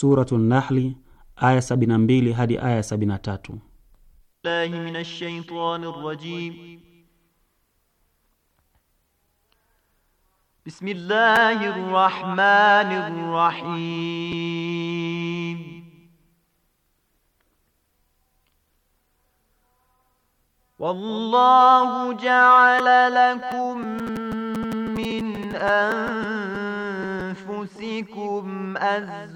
Suratu Nahli aya 72 hadi aya 73. Billahi minash shaitani rrajim. Bismillahir rahmanir rahim. والله جعل لكم من أنفسكم أزواجا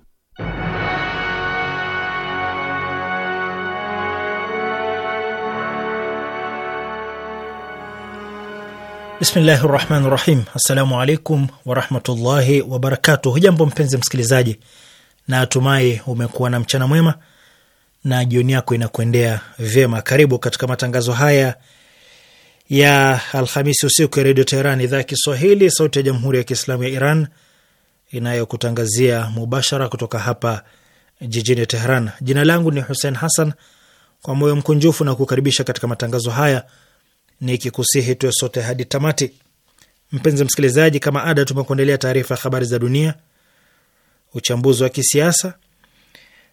Bismillahi rahmani rahim. Assalamu alaikum warahmatullahi wabarakatuh. Hujambo mpenzi msikilizaji, na atumai umekuwa na mchana mwema na jioni yako inakuendea vyema. Karibu katika matangazo haya ya Alhamisi usiku ya Redio Teheran, idhaa ya Kiswahili, sauti ya Jamhuri ya Kiislamu ya Iran inayokutangazia mubashara kutoka hapa jijini Teheran. Jina langu ni Hussein Hassan, kwa moyo mkunjufu na kukaribisha katika matangazo haya ni kikusihi tuwe sote hadi tamati. Mpenzi msikilizaji, kama ada, tumekuendelea taarifa ya habari za dunia, uchambuzi wa kisiasa,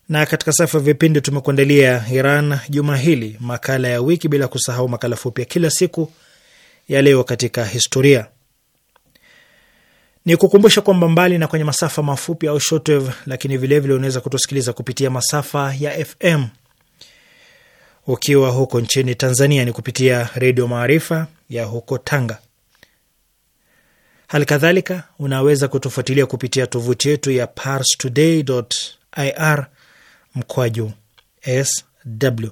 na katika safu ya vipindi tumekuandalia Iran juma hili, makala ya wiki, bila kusahau makala fupi ya kila siku ya leo katika historia. Ni kukumbusha kwamba mbali na kwenye masafa mafupi au shortwave, lakini vilevile unaweza kutusikiliza kupitia masafa ya FM ukiwa huko nchini Tanzania ni kupitia Redio Maarifa ya huko Tanga. Hali kadhalika unaweza kutufuatilia kupitia tovuti yetu ya parstoday.ir mkwaju sw.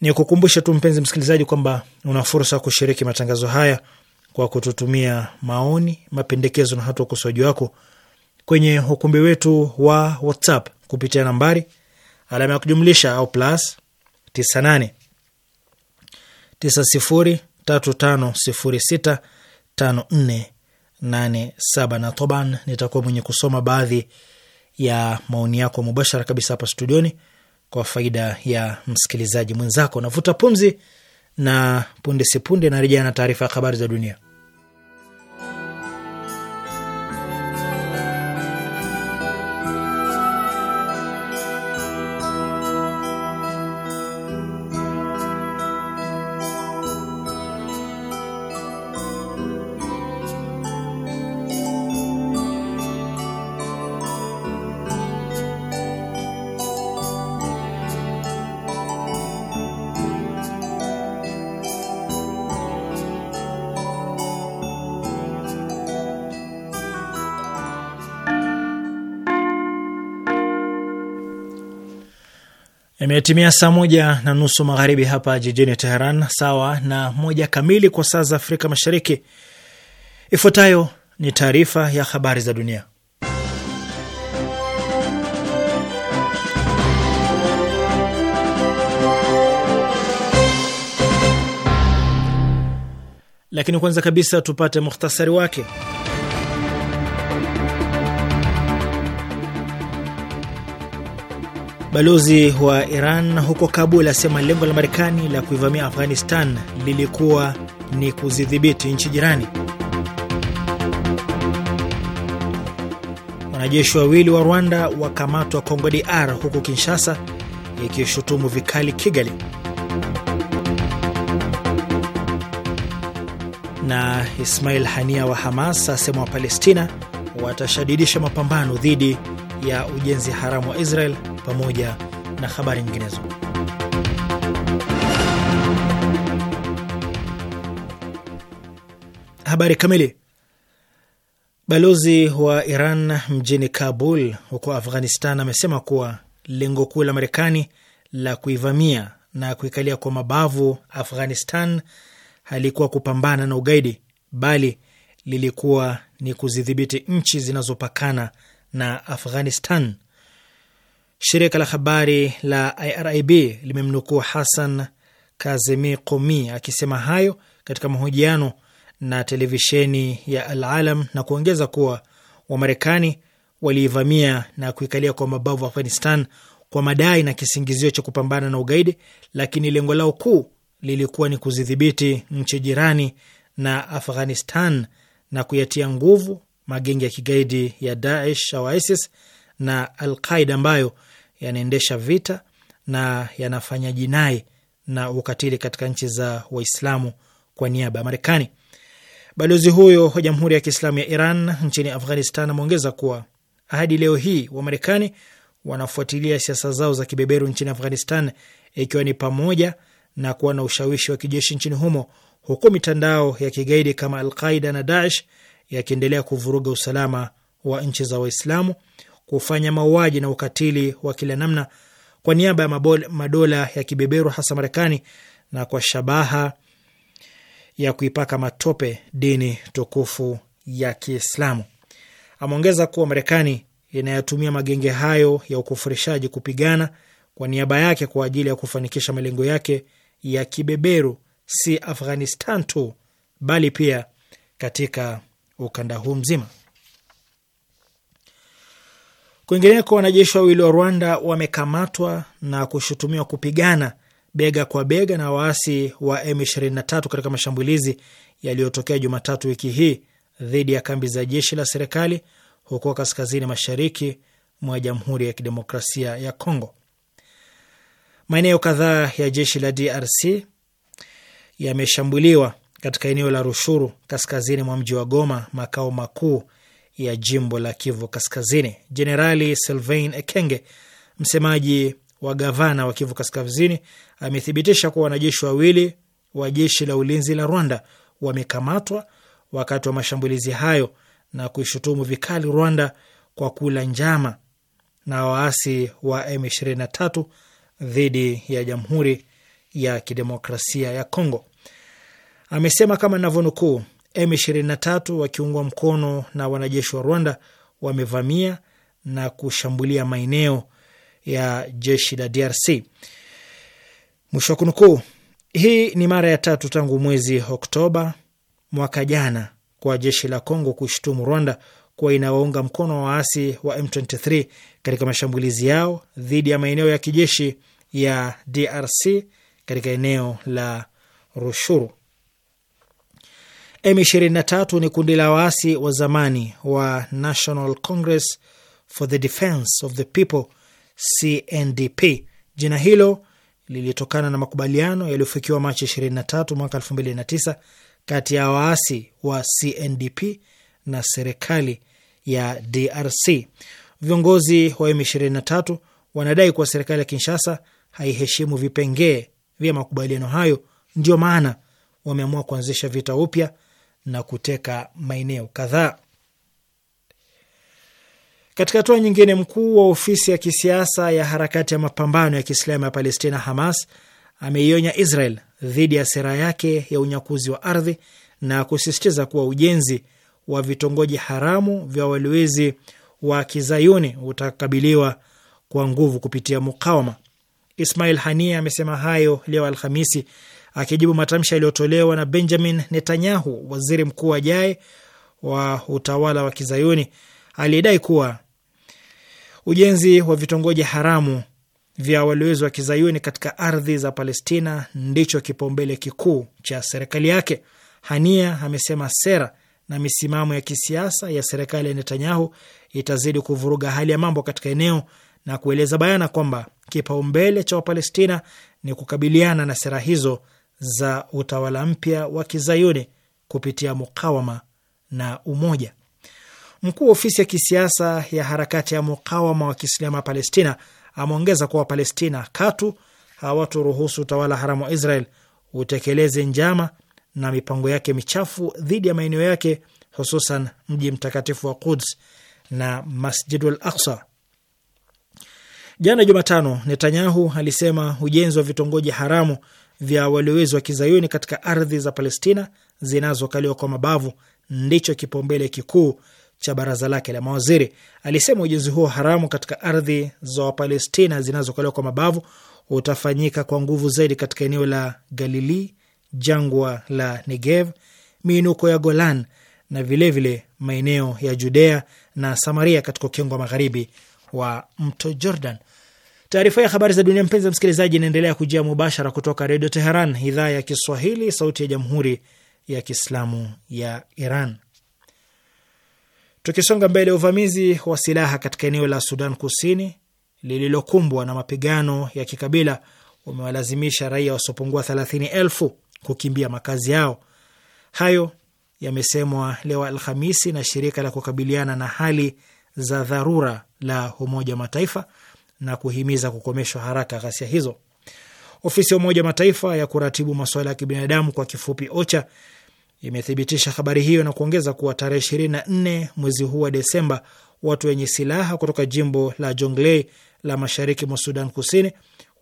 Ni kukumbusha tu mpenzi msikilizaji kwamba una fursa ya kushiriki matangazo haya kwa kututumia maoni, mapendekezo na hata ukosoaji wako kwenye ukumbi wetu wa WhatsApp kupitia nambari alama ya kujumlisha au plus 98 9035065487 na toban, nitakuwa mwenye kusoma baadhi ya maoni yako mubashara kabisa hapa studioni kwa faida ya msikilizaji mwenzako. Navuta pumzi na punde sipunde narejea na taarifa ya habari za dunia. Imetimia saa moja na nusu magharibi hapa jijini Teheran, sawa na moja kamili kwa saa za Afrika Mashariki. Ifuatayo ni taarifa ya habari za dunia, lakini kwanza kabisa tupate muhtasari wake. Balozi wa Iran huko Kabul asema lengo la Marekani la kuivamia Afghanistan lilikuwa ni kuzidhibiti nchi jirani. Wanajeshi wawili wa Rwanda wakamatwa Kongo DR, huku Kinshasa ikishutumu vikali Kigali. Na Ismail Hania wa Hamas asema Wapalestina watashadidisha mapambano dhidi ya ujenzi haramu wa Israel pamoja na habari nyinginezo. Habari kamili. Balozi wa Iran mjini Kabul huko Afghanistan amesema kuwa lengo kuu la Marekani la kuivamia na kuikalia kwa mabavu Afghanistan halikuwa kupambana na ugaidi, bali lilikuwa ni kuzidhibiti nchi zinazopakana na Afghanistan. Shirika la habari la IRIB limemnukuu Hassan Kazemi Qomi akisema hayo katika mahojiano na televisheni ya Al Alam na kuongeza kuwa Wamarekani waliivamia na kuikalia kwa mabavu Afghanistan kwa madai na kisingizio cha kupambana na ugaidi, lakini lengo lao kuu lilikuwa ni kuzidhibiti nchi jirani na Afghanistan na kuyatia nguvu magenge ya kigaidi ya Daesh au ISIS na Al Qaida ambayo yanaendesha vita na yanafanya jinai na ukatili katika nchi za Waislamu kwa niaba ya Marekani. Balozi huyo wa Jamhuri ya Kiislamu ya Iran nchini Afghanistan ameongeza kuwa hadi leo hii Wamarekani wanafuatilia siasa zao za kibeberu nchini Afghanistan, ikiwa ni pamoja na kuwa na ushawishi wa kijeshi nchini humo, huku mitandao ya kigaidi kama Alqaida na Daesh yakiendelea kuvuruga usalama wa nchi za Waislamu, kufanya mauaji na ukatili wa kila namna kwa niaba ya madola ya kibeberu, hasa Marekani, na kwa shabaha ya kuipaka matope dini tukufu ya Kiislamu. Ameongeza kuwa Marekani inayatumia magenge hayo ya ukufurishaji kupigana kwa niaba yake kwa ajili ya kufanikisha malengo yake ya kibeberu, si Afghanistan tu bali pia katika ukanda huu mzima. Kwingineko, wanajeshi wawili wa Rwanda wamekamatwa na kushutumiwa kupigana bega kwa bega na waasi wa M23 katika mashambulizi yaliyotokea Jumatatu wiki hii dhidi ya kambi za jeshi la serikali huko kaskazini mashariki mwa Jamhuri ya Kidemokrasia ya Kongo. Maeneo kadhaa ya jeshi la DRC yameshambuliwa katika eneo la Rushuru, kaskazini mwa mji wa Goma, makao makuu ya jimbo la Kivu Kaskazini. Jenerali Sylvain Ekenge, msemaji wa gavana wa Kivu Kaskazini, amethibitisha kuwa wanajeshi wawili wa jeshi la ulinzi la Rwanda wamekamatwa wakati wa mashambulizi hayo na kuishutumu vikali Rwanda kwa kula njama na waasi wa M23 dhidi ya Jamhuri ya Kidemokrasia ya Kongo. Amesema kama navyonukuu, M23 wakiungwa mkono na wanajeshi wa Rwanda wamevamia na kushambulia maeneo ya jeshi la DRC, mwisho wa kunukuu. Hii ni mara ya tatu tangu mwezi Oktoba mwaka jana kwa jeshi la congo kushutumu Rwanda kuwa inawaunga mkono waasi wa M23 katika mashambulizi yao dhidi ya maeneo ya kijeshi ya DRC katika eneo la Rushuru. M23 ni kundi la waasi wa zamani wa National Congress for the Defense of the People, CNDP. Jina hilo lilitokana na makubaliano yaliyofikiwa Machi 23 mwaka 2009 kati ya waasi wa CNDP na serikali ya DRC. Viongozi wa M23 wanadai kuwa serikali ya Kinshasa haiheshimu vipengee vya makubaliano hayo, ndio maana wameamua kuanzisha vita upya na kuteka maeneo kadhaa. Katika hatua nyingine, mkuu wa ofisi ya kisiasa ya harakati ya mapambano ya Kiislamu ya Palestina, Hamas, ameionya Israel dhidi ya sera yake ya unyakuzi wa ardhi na kusisitiza kuwa ujenzi wa vitongoji haramu vya walowezi wa kizayuni utakabiliwa kwa nguvu kupitia mukawama. Ismail Hania amesema hayo leo Alhamisi akijibu matamshi yaliyotolewa na Benjamin Netanyahu, waziri mkuu ajaye wa utawala wa Kizayuni, aliyedai kuwa ujenzi wa vitongoji haramu vya walowezi wa Kizayuni katika ardhi za Palestina ndicho kipaumbele kikuu cha serikali yake. Hania amesema sera na misimamo ya kisiasa ya serikali ya Netanyahu itazidi kuvuruga hali ya mambo katika eneo na kueleza bayana kwamba kipaumbele cha Wapalestina ni kukabiliana na sera hizo za utawala mpya wa kizayuni kupitia mukawama na umoja. Mkuu wa ofisi ya kisiasa ya harakati ya mukawama wa kiislamu ya Palestina ameongeza kuwa Wapalestina katu hawaturuhusu utawala haramu wa Israel utekeleze njama na mipango yake michafu dhidi ya maeneo yake, hususan mji mtakatifu wa Quds na Masjidul Aqsa. Jana Jumatano, Netanyahu alisema ujenzi wa vitongoji haramu vya walowezi wa kizayuni katika ardhi za Palestina zinazokaliwa kwa mabavu ndicho kipaumbele kikuu cha baraza lake la mawaziri. Alisema ujenzi huo haramu katika ardhi za Wapalestina zinazokaliwa kwa mabavu utafanyika kwa nguvu zaidi katika eneo la Galilii, jangwa la Negev, miinuko ya Golan na vilevile maeneo ya Judea na Samaria katika ukingo wa magharibi wa mto Jordan. Taarifa ya habari za dunia, mpenzi msikilizaji, inaendelea kujia mubashara kutoka Redio Teheran, idhaa ya Kiswahili, sauti ya jamhuri ya kiislamu ya Iran. Tukisonga mbele, uvamizi wa silaha katika eneo la Sudan Kusini lililokumbwa na mapigano ya kikabila umewalazimisha raia wasiopungua thelathini elfu kukimbia makazi yao. Hayo yamesemwa leo Alhamisi na shirika la kukabiliana na hali za dharura la Umoja wa Mataifa na kuhimiza kukomeshwa haraka ghasia hizo. Ofisi ya Umoja wa Mataifa ya kuratibu masuala ya kibinadamu kwa kifupi OCHA imethibitisha habari hiyo na kuongeza kuwa tarehe ishirini na nne mwezi huu wa Desemba, watu wenye silaha kutoka jimbo la Jonglei la mashariki mwa Sudan Kusini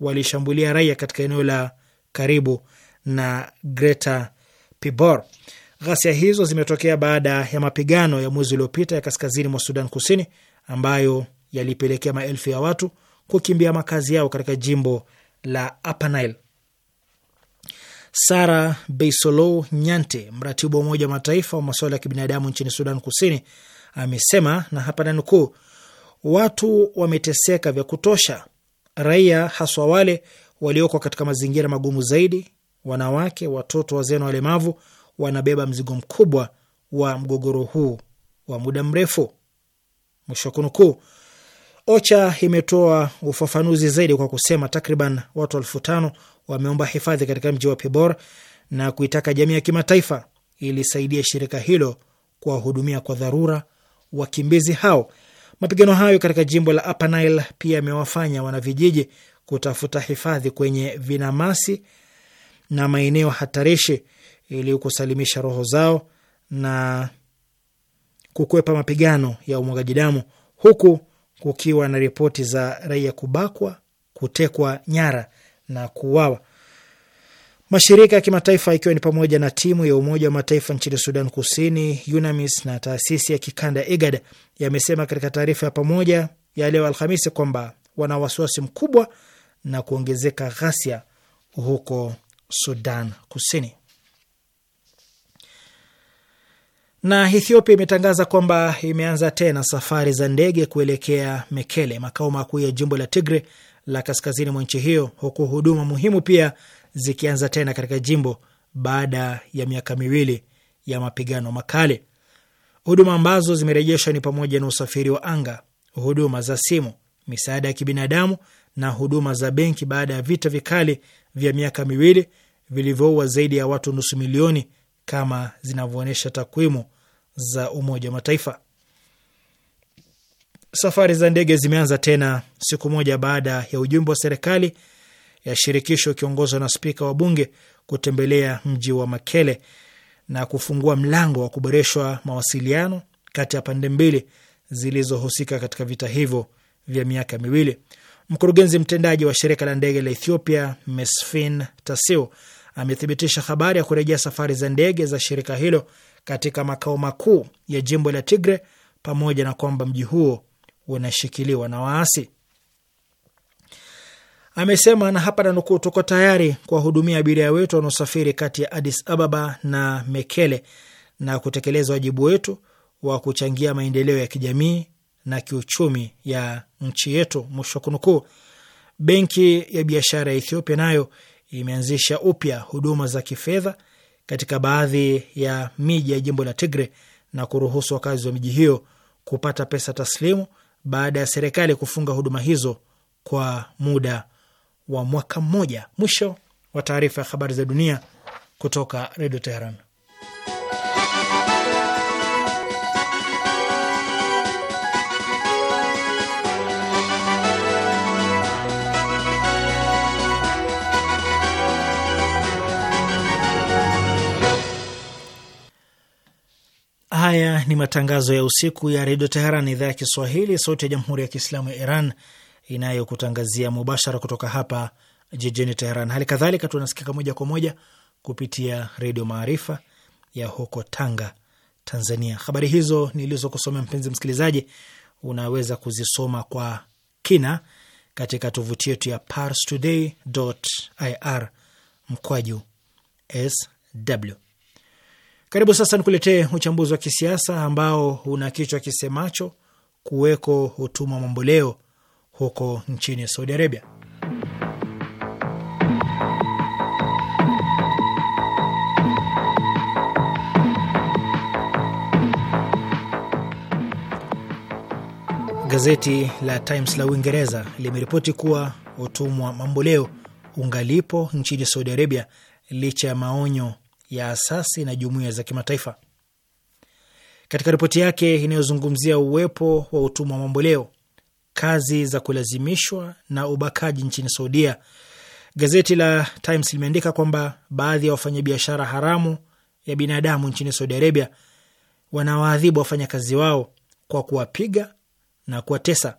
walishambulia raia katika eneo la karibu na Greta Pibor. Ghasia hizo zimetokea baada ya mapigano ya mwezi uliopita ya kaskazini mwa Sudan Kusini ambayo yalipelekea maelfu ya watu kukimbia makazi yao katika jimbo la Upper Nile. Sara Beisolo Nyante, mratibu wa Umoja wa Mataifa wa masuala ya kibinadamu nchini Sudan Kusini, amesema na hapa nanukuu, watu wameteseka vya kutosha, raia haswa wale walioko katika mazingira magumu zaidi, wanawake, watoto, wazee na walemavu wanabeba mzigo mkubwa wa mgogoro huu wa muda mrefu, mwisho wa kunukuu. OCHA imetoa ufafanuzi zaidi kwa kusema takriban watu elfu tano wameomba hifadhi katika mji wa Pibor na kuitaka jamii ya kimataifa ilisaidia shirika hilo kuwahudumia kwa dharura wakimbizi hao. Mapigano hayo katika jimbo la Upper Nile pia yamewafanya wanavijiji kutafuta hifadhi kwenye vinamasi na maeneo hatarishi ili kusalimisha roho zao na kukwepa mapigano ya umwagaji damu huku kukiwa na ripoti za raia kubakwa, kutekwa nyara na kuuawa. Mashirika ya kimataifa ikiwa ni pamoja na timu ya Umoja wa Mataifa nchini Sudan Kusini, UNAMIS na taasisi ya kikanda IGAD yamesema katika taarifa ya pamoja ya leo Alhamisi kwamba wana wasiwasi mkubwa na kuongezeka ghasia huko Sudan Kusini. Na Ethiopia imetangaza kwamba imeanza tena safari za ndege kuelekea Mekele, makao makuu ya jimbo la Tigre la kaskazini mwa nchi hiyo, huku huduma muhimu pia zikianza tena katika jimbo baada ya miaka miwili ya mapigano makali. Huduma ambazo zimerejeshwa ni pamoja na usafiri wa anga, huduma za simu, misaada ya kibinadamu na huduma za benki, baada ya vita vikali vya miaka miwili vilivyoua zaidi ya watu nusu milioni kama zinavyoonyesha takwimu za Umoja wa Mataifa. Safari za ndege zimeanza tena siku moja baada ya ujumbe wa serikali ya shirikisho ukiongozwa na spika wa bunge kutembelea mji wa Makele na kufungua mlango wa kuboreshwa mawasiliano kati ya pande mbili zilizohusika katika vita hivyo vya miaka miwili. Mkurugenzi mtendaji wa shirika la ndege la Ethiopia Mesfin Tasiu amethibitisha habari ya kurejea safari za ndege za shirika hilo katika makao makuu ya jimbo la Tigre pamoja na kwamba mji huo unashikiliwa na waasi. Amesema na hapa nanukuu, tuko tayari kuwahudumia abiria wetu wanaosafiri kati ya Addis Ababa na Mekele na kutekeleza wajibu wetu wa kuchangia maendeleo ya kijamii na kiuchumi ya nchi yetu, mwisho wa kunukuu. Benki ya biashara ya Ethiopia nayo imeanzisha upya huduma za kifedha katika baadhi ya miji ya jimbo la Tigre na kuruhusu wakazi wa miji hiyo kupata pesa taslimu baada ya serikali kufunga huduma hizo kwa muda wa mwaka mmoja. Mwisho wa taarifa ya habari za dunia kutoka Redio Teheran. Haya ni matangazo ya usiku ya redio Teheran, idhaa ya Kiswahili, sauti ya jamhuri ya kiislamu ya Iran, inayokutangazia mubashara kutoka hapa jijini Teheran. Hali kadhalika tunasikika moja kwa moja kupitia redio Maarifa ya huko Tanga, Tanzania. Habari hizo nilizokusomea, mpenzi msikilizaji, unaweza kuzisoma kwa kina katika tovuti yetu ya parstoday.ir mkwaju sw karibu sasa nikuletee uchambuzi wa kisiasa ambao una kichwa kisemacho kuweko utumwa mamboleo huko nchini Saudi Arabia. Gazeti la Times la Uingereza limeripoti kuwa utumwa mamboleo ungalipo nchini Saudi Arabia licha ya maonyo ya asasi na jumuiya za kimataifa. Katika ripoti yake inayozungumzia uwepo wa utumwa mamboleo, kazi za kulazimishwa na ubakaji nchini Saudia, gazeti la Times limeandika kwamba baadhi ya wafanyabiashara haramu ya binadamu nchini Saudi Arabia wanawaadhibu wafanyakazi wao kwa kuwapiga na kuwatesa.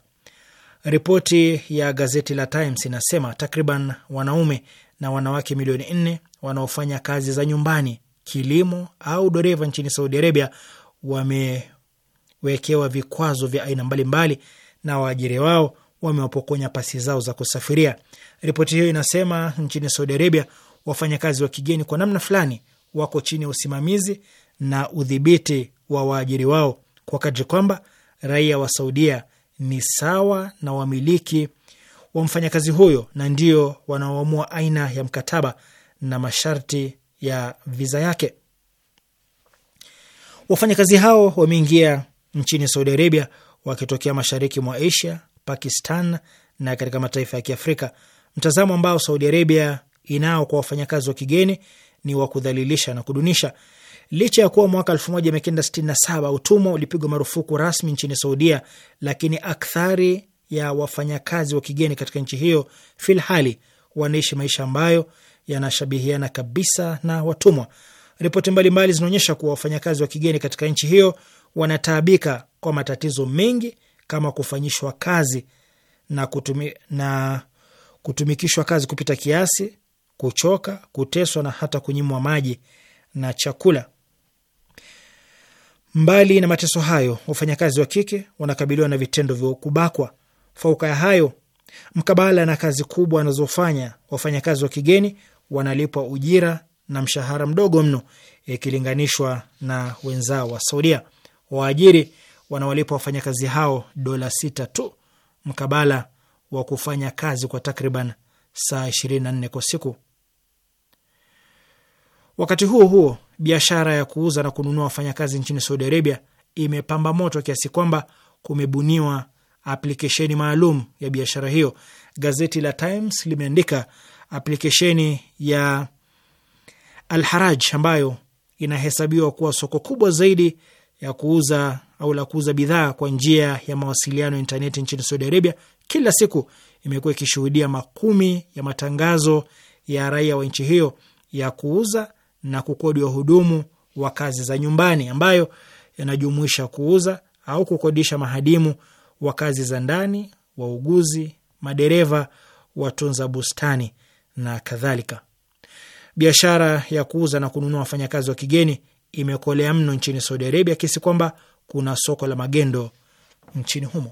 Ripoti ya gazeti la Times inasema takriban wanaume na wanawake milioni nne wanaofanya kazi za nyumbani, kilimo au dereva nchini Saudi Arabia wamewekewa vikwazo vya aina mbalimbali na waajiri wao wamewapokonya pasi zao za kusafiria. Ripoti hiyo inasema nchini Saudi Arabia wafanyakazi wa kigeni kwa namna fulani wako chini ya usimamizi na udhibiti wa waajiri wao kwa kadri kwamba raia wa Saudia ni sawa na wamiliki wa mfanyakazi huyo na ndio wanaoamua aina ya mkataba na masharti ya viza yake. Wafanyakazi hao wameingia nchini Saudi Arabia wakitokea mashariki mwa Asia, Pakistan na katika mataifa ya Kiafrika. Mtazamo ambao Saudi Arabia inao kwa wafanyakazi wa kigeni ni wa kudhalilisha na kudunisha. Licha ya kuwa mwaka 1967 utumwa ulipigwa marufuku rasmi nchini Saudia, lakini akthari ya wafanyakazi wa kigeni katika nchi hiyo filhali wanaishi maisha ambayo yanashabihiana kabisa na watumwa. Ripoti mbalimbali zinaonyesha kuwa wafanyakazi wa kigeni katika nchi hiyo wanataabika kwa matatizo mengi kama kufanyishwa kazi na, kutumi, na kutumikishwa kazi kupita kiasi, kuchoka, kuteswa na hata kunyimwa maji na chakula. Mbali na mateso hayo, wafanyakazi wa kike wanakabiliwa na vitendo vya kubakwa. Fauka ya hayo, mkabala na kazi kubwa wanazofanya, wafanyakazi wa kigeni wanalipwa ujira na mshahara mdogo mno ikilinganishwa na wenzao wa Saudia. Waajiri wanawalipa wafanyakazi hao dola sita tu mkabala wa kufanya kazi kwa takriban saa ishirini na nne kwa siku. Wakati huo huo, biashara ya kuuza na kununua wafanyakazi nchini Saudi Arabia imepamba moto kiasi kwamba kumebuniwa aplikesheni maalum ya biashara hiyo. Gazeti la Times limeandika aplikesheni ya Alharaj ambayo inahesabiwa kuwa soko kubwa zaidi ya kuuza au la kuuza bidhaa kwa njia ya mawasiliano ya intaneti nchini Saudi Arabia, kila siku imekuwa ikishuhudia makumi ya matangazo ya raia wa nchi hiyo ya kuuza na kukodi wahudumu wa kazi za nyumbani, ambayo yanajumuisha kuuza au kukodisha mahadimu wa kazi za ndani, wauguzi, madereva, watunza bustani na kadhalika. Biashara ya kuuza na kununua wafanyakazi wa kigeni imekolea mno nchini Saudi Arabia, kiasi kwamba kuna soko la magendo nchini humo.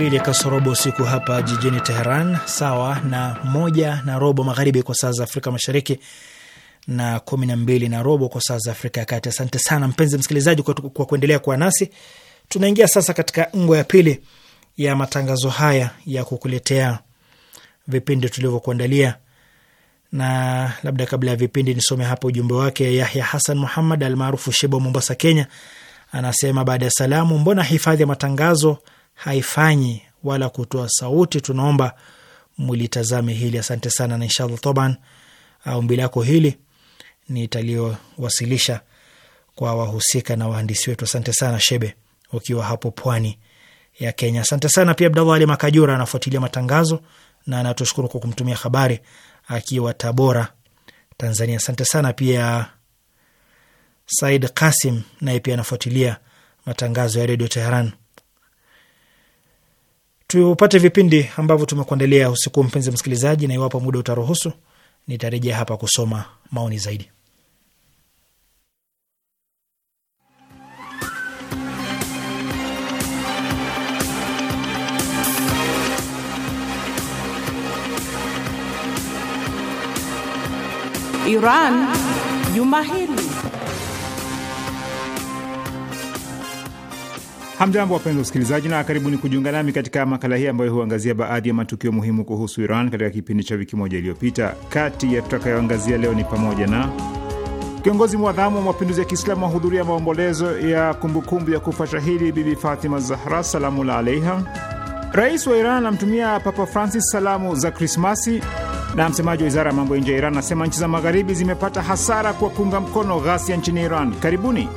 mbili kasorobo usiku hapa jijini Teheran, sawa na moja na robo magharibi kwa saa za Afrika Mashariki na kumi na mbili na robo kwa saa za Afrika ya Kati. Asante sana mpenzi msikilizaji kwa, kwa kuendelea kuwa nasi. Tunaingia sasa katika ngo ya pili ya matangazo haya ya kukuletea vipindi tulivyokuandalia, na labda kabla ya vipindi nisome hapa ujumbe wake. Yahya Hasan Muhammad almaarufu Shebo, Mombasa, Kenya, anasema baada ya salamu, mbona hifadhi ya matangazo haifanyi wala kutoa sauti. Tunaomba mulitazame hili, asante sana, na inshallah toban ombi lako hili nitaliowasilisha kwa wahusika na wahandisi wetu. Asante sana Shebe, ukiwa hapo pwani ya Kenya. Asante sana pia Abdallah Ali Makajura anafuatilia matangazo na anatushukuru kwa kumtumia habari akiwa Tabora, Tanzania. Asante sana pia Said Kasim, naye pia anafuatilia matangazo ya Redio Teheran tupate vipindi ambavyo tumekuandalia usiku, mpenzi msikilizaji, na iwapo muda utaruhusu, nitarejea hapa kusoma maoni zaidi. Iran juma hili Hamjambo, wapenzi wasikilizaji, na karibuni kujiunga nami katika makala hii ambayo huangazia baadhi ya matukio muhimu kuhusu Iran katika kipindi cha wiki moja iliyopita. Kati ya tutakayoangazia leo ni pamoja na kiongozi mwadhamu wa mapinduzi ya Kiislamu wahudhuria maombolezo ya kumbukumbu ya kufa shahidi Bibi Fatima Zahra salamullah alaiha, rais wa Iran anamtumia Papa Francis salamu za Krismasi, na msemaji wa wizara ya mambo ya nje ya Iran anasema nchi za magharibi zimepata hasara kwa kuunga mkono ghasia nchini Iran. Karibuni.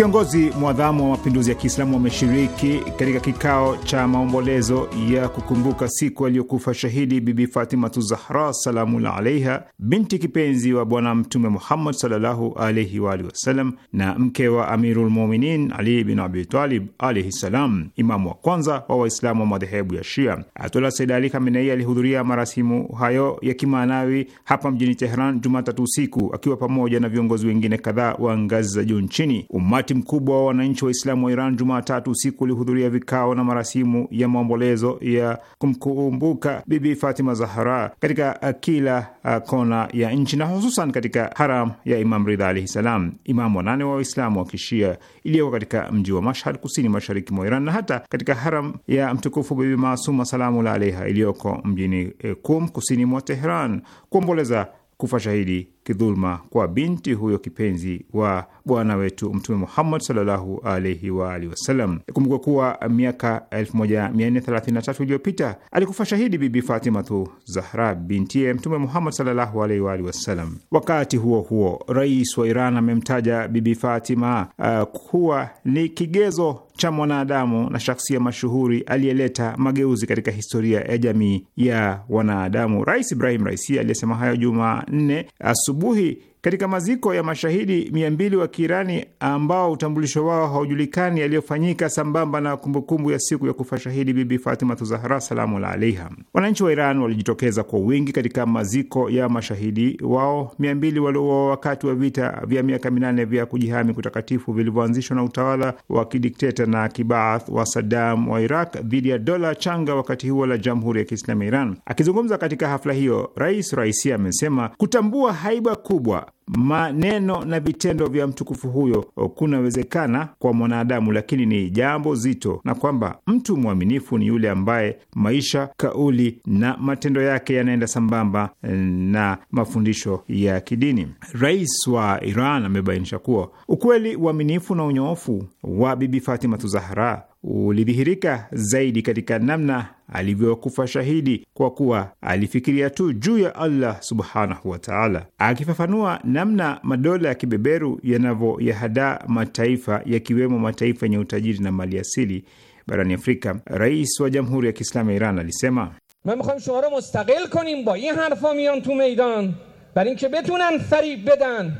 Kiongozi mwadhamu wa mapinduzi ya Kiislamu wameshiriki katika kikao cha maombolezo ya kukumbuka siku aliyokufa shahidi Bibi Fatimatu Zahra salamullah alaiha, binti kipenzi wa Bwana Mtume Muhammad sallallahu alaihi wasallam na mke wa Amirulmuminin Ali bin Abitalib alaihi salam, imamu wa kwanza wa Waislamu wa madhehebu ya Shia. Ayatullah Said Ali Khamenei alihudhuria marasimu hayo ya kimaanawi hapa mjini teheran Jumatatu usiku akiwa pamoja na viongozi wengine kadhaa wa ngazi za juu nchini. Umati Umati mkubwa wa wananchi Islamu wa Iran Jumatatu usiku ulihudhuria vikao na marasimu ya maombolezo ya kumkumbuka Bibi Fatima Zahara katika uh, kila uh, kona ya nchi na hususan katika haram ya Imam Ridha alaihi salam, imamu wanane wa Waislamu wa Kishia iliyoko katika mji wa Mashhad, kusini mashariki mwa Iran, na hata katika haram ya mtukufu Bibi Maasuma salamullah alaiha iliyoko mjini Kum, eh, kusini mwa Tehran, kuomboleza kufa shahidi kidhuluma kwa binti huyo kipenzi wa bwana wetu Mtume Muhammad sallallahu alaihi wa alihi wasallam. Kumbuka kuwa miaka 1433 iliyopita alikufa shahidi Bibi Fatimatu Zahra bintiye Mtume Muhammad sallallahu alaihi wa alihi wasallam. Wakati huo huo, rais wa Iran amemtaja Bibi Fatima uh, kuwa ni kigezo cha mwanadamu na shaksia mashuhuri aliyeleta mageuzi katika historia ya jamii ya wanadamu. Rais Ibrahim Raisi aliyesema hayo Jumanne asubuhi asubuhi Katika maziko ya mashahidi mia mbili wa Kiirani ambao utambulisho wao haujulikani yaliyofanyika sambamba na kumbukumbu ya siku ya kufa shahidi Bibi Fatima Tuzahra salamullah alaiha, wananchi wa Iran walijitokeza kwa wingi katika maziko ya mashahidi wao mia mbili waliouawa wakati wa vita vya miaka minane vya kujihami kutakatifu vilivyoanzishwa na utawala wa kidikteta na kibaath wa Saddam wa Iraq dhidi ya dola changa wakati huo la Jamhuri ya Kiislamu ya Iran. Akizungumza katika hafla hiyo, Rais Raisi amesema kutambua haiba kubwa maneno na vitendo vya mtukufu huyo kunawezekana kwa mwanadamu, lakini ni jambo zito, na kwamba mtu mwaminifu ni yule ambaye maisha, kauli na matendo yake yanaenda sambamba eh, na mafundisho ya kidini. Rais wa Iran amebainisha kuwa ukweli, uaminifu na unyoofu wa Bibi Fatima Tuzahara ulidhihirika zaidi katika namna alivyokufa shahidi kwa kuwa alifikiria tu juu ya Allah subhanahu wa taala. Akifafanua namna madola ya kibeberu yanavyoyahadaa mataifa yakiwemo mataifa yenye utajiri na mali asili barani Afrika, rais wa Jamhuri ya Kiislamu ya Iran alisema ma mikhaim shoara mustaqil konim ba in harfa miyan tu meydan bar inke betunan farib bedan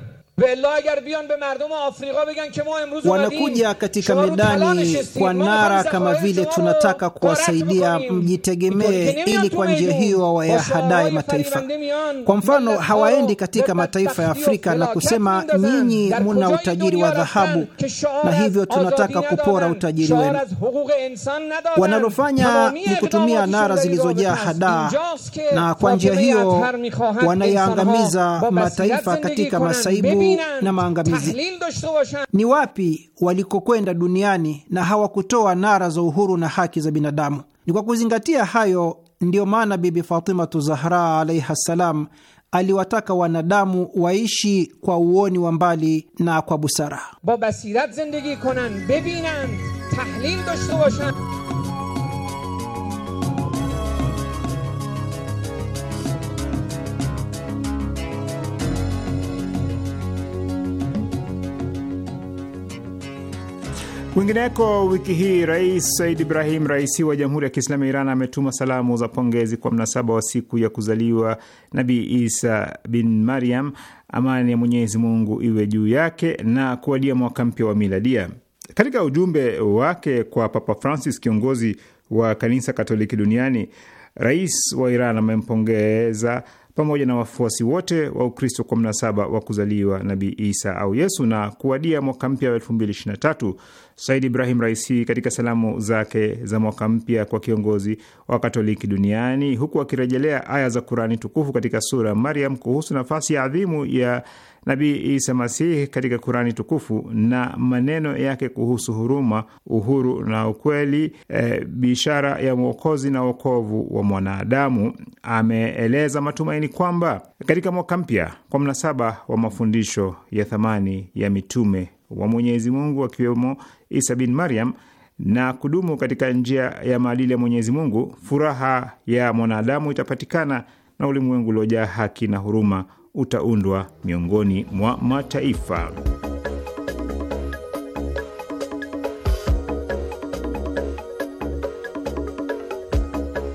Wanakuja katika medani kwa nara kama vile tunataka kuwasaidia mjitegemee, ili kwa njia hiyo wawahadaye mataifa. Kwa mfano, hawaendi katika mataifa ya Afrika na kusema nyinyi muna utajiri wa dhahabu na hivyo tunataka kupora utajiri wenu. Wanalofanya ni kutumia nara zilizojaa hadaa, na kwa njia hiyo wanayaangamiza mataifa katika masaibu na maangamizi. Ni wapi walikokwenda duniani na hawakutoa nara za uhuru na haki za binadamu? Ni kwa kuzingatia hayo ndiyo maana Bibi Fatimatu Zahra alaihi ssalam aliwataka wanadamu waishi kwa uoni wa mbali na kwa busara. Kwingineko wiki hii Rais Said Ibrahim Raisi wa Jamhuri ya Kiislamu ya Iran ametuma salamu za pongezi kwa mnasaba wa siku ya kuzaliwa Nabii Isa bin Mariam, amani ya Mwenyezi Mungu iwe juu yake, na kuwadia mwaka mpya wa miladia. Katika ujumbe wake kwa Papa Francis, kiongozi wa kanisa Katoliki duniani, rais wa Iran amempongeza pamoja na wafuasi wote wa Ukristo kwa mnasaba wa kuzaliwa Nabii Isa au Yesu na kuadia mwaka mpya wa 2023. Said Ibrahim Raisi katika salamu zake za mwaka mpya kwa kiongozi wa Katoliki duniani, huku akirejelea aya za Kurani tukufu katika sura Mariam kuhusu nafasi ya adhimu ya Nabii Isa Masihi katika Kurani tukufu na maneno yake kuhusu huruma, uhuru na ukweli, e, eh, biashara ya mwokozi na wokovu wa mwanadamu. Ameeleza matumaini kwamba katika mwaka mpya, kwa mnasaba wa mafundisho ya thamani ya mitume wa Mwenyezi Mungu akiwemo Isa bin Maryam na kudumu katika njia ya maadili ya Mwenyezi Mungu, furaha ya mwanadamu itapatikana na ulimwengu uliojaa haki na huruma utaundwa miongoni mwa mataifa.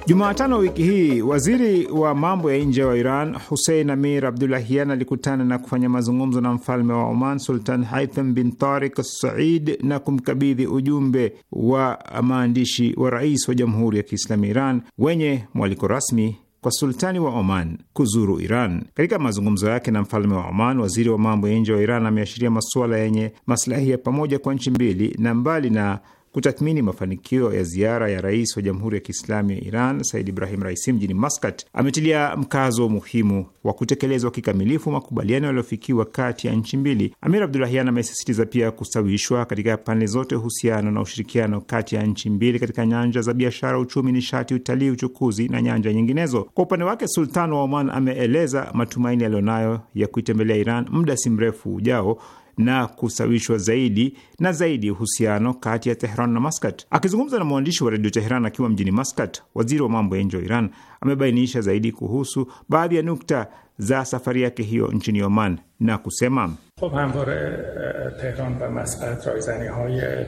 Jumatano wiki hii waziri wa mambo ya nje wa Iran Hussein Amir Abdulahian alikutana na kufanya mazungumzo na mfalme wa Oman Sultan Haitham bin Tarik Said na kumkabidhi ujumbe wa maandishi wa rais wa Jamhuri ya Kiislamu Iran wenye mwaliko rasmi kwa sultani wa Oman kuzuru Iran. Katika mazungumzo yake na mfalme wa Oman, waziri wa mambo ya nje wa Iran ameashiria masuala yenye maslahi ya pamoja kwa nchi mbili na mbali na kutathmini mafanikio ya ziara ya rais wa Jamhuri ya Kiislamu ya Iran Said Ibrahim Raisi mjini Maskat, ametilia mkazo muhimu wa kutekelezwa kikamilifu makubaliano yaliyofikiwa kati ya nchi mbili. Amir Abdulahian amesisitiza pia kustawishwa katika pande zote uhusiano na ushirikiano kati ya nchi mbili katika nyanja za biashara, uchumi, nishati, utalii, uchukuzi na nyanja nyinginezo. Kwa upande wake, Sultan wa Oman ameeleza matumaini yaliyonayo ya kuitembelea Iran muda si mrefu ujao na kusawishwa zaidi na zaidi uhusiano kati ya Tehran na Maskat. Akizungumza na mwandishi wa redio Tehran akiwa mjini Maskat, waziri wa mambo ya nje wa Iran amebainisha zaidi kuhusu baadhi ya nukta za safari yake hiyo nchini Oman na kusema خب های